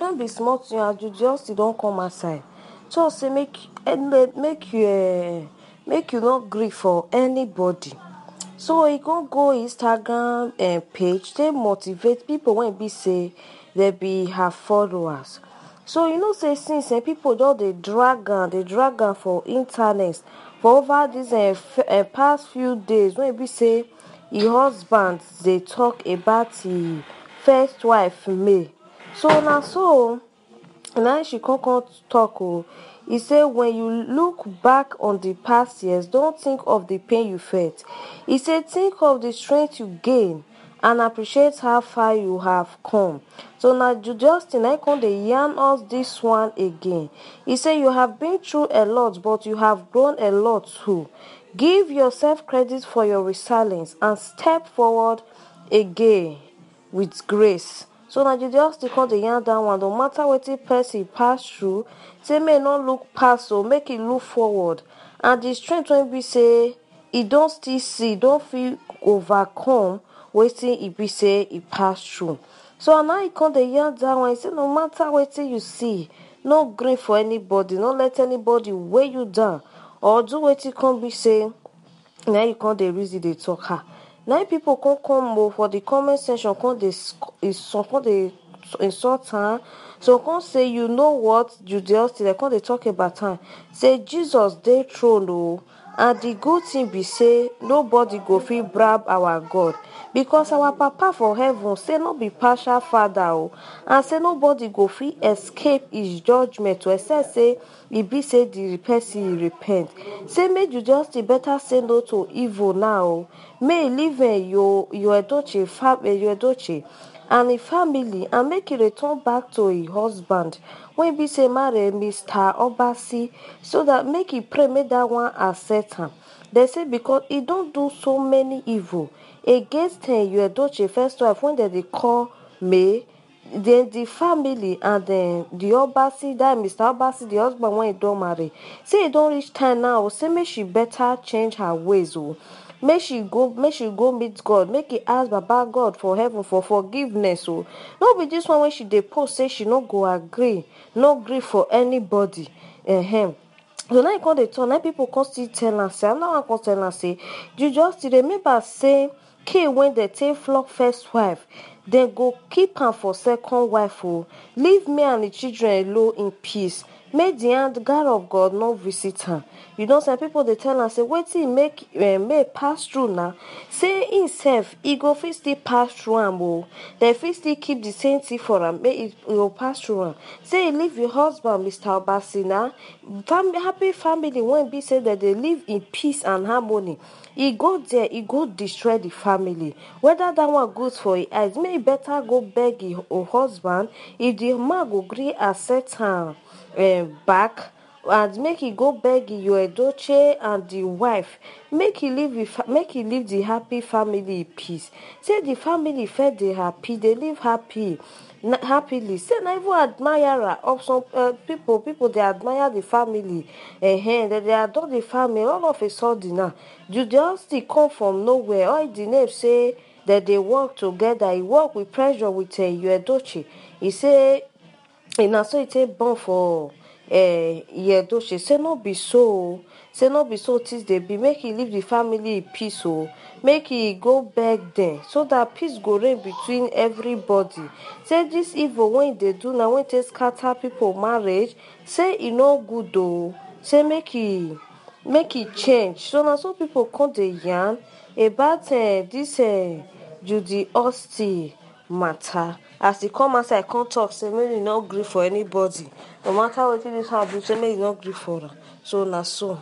no be small tin as you just don come aside. talk say make eh, make you eh, make you no gree for anybody so e con go instagram um page take motivate people. wey be say they be her followers so you know say since um, people just dey drag am dey drag am for internet for over dis um, um, past few days wey be say e husband dey talk about e first wife may so na so na she can come talk o e say when you look back on the past years don think of the pain you felt e say think of the strength you gain and appreciate how far you have come so na justin i come dey yarn us this one again e say you have been through a lot but you have grown a lot too give yourself credit for your resilience and step forward again with grace so na jesus still call the young dat one no matter what it person pass through say may e not look past, so make it e look forward and the strength when we say e don't still see e don't feel overcome wetin e be say e pass through so now e call the young dat one say no matter what you see no grief for anybody no let anybody weigh you down or do what it can be say Now you call the reason they talk ah na im pipo come come o oh, for di comment section come dey some come dey insult am So come say you know what judeus till dem come dey talk about am say jesus dey throne o oh and the good thing be say nobody go fit brab our god because our papa for heaven say no be partial father o and say nobody go fit escape his judgment to except say e be say the person repent say make you just dey better say no to evil now o may live your your edoche fab eh, your edoche and e family and make e return back to e husband wey be say marry mr obasi so that make e pray make dat one accept am dem say because he don do so many evil against um Uedochie first wife wey dem dey call May then the family and then the Obasi that Mr. Obasi the husband wey he don marry say e don reach time now o say make she better change her ways o oh make she go make she go meet god make he ask baba god for heaven for forgiveness o oh. no be this one wey she dey post say she no go agree no gree for anybody ehem. so now e come dey talk Now people come still tell am say another one come tell am say you just dey remember say cain wey dey take flog first wife dem go keep am for second wife o oh. leave me and the children alone in peace May the hand of god no visit her you know some people they tell us say wetin make eh, make pass through now. say himself he go first still pass through and o dem fit still keep the same thing for him. May it will pass through say e leave your husband mr obasina happy family won't be say that they live in peace and harmony He go there he go destroy the family whether that one goes for his eyes may better go beg your husband if the man go agree accept am back and make he go beg your daughter and the wife make he live with, make he live the happy family peace say the family first they happy they live happy happily say na even admire of some uh, people people they admire the family uh-huh. they adore the family all of a sudden now ah, you just come from nowhere all the name say that they work together he work with pressure with uh, your Edoche he say na so it's a bond for. do eh, Iyedoche say no be so say no be so tins dey be make e leave the family in peace o oh. make e go beg dem so that peace go reign between everybody say this evil wey e dey do na wey take scatter people marriage say e no good o oh. say make e make e change so na so people come dey yarn about um dis um judy austin matter as e come outside come talk say make e no gree for anybody no matter wetin dis house do say make e no gree for am so na so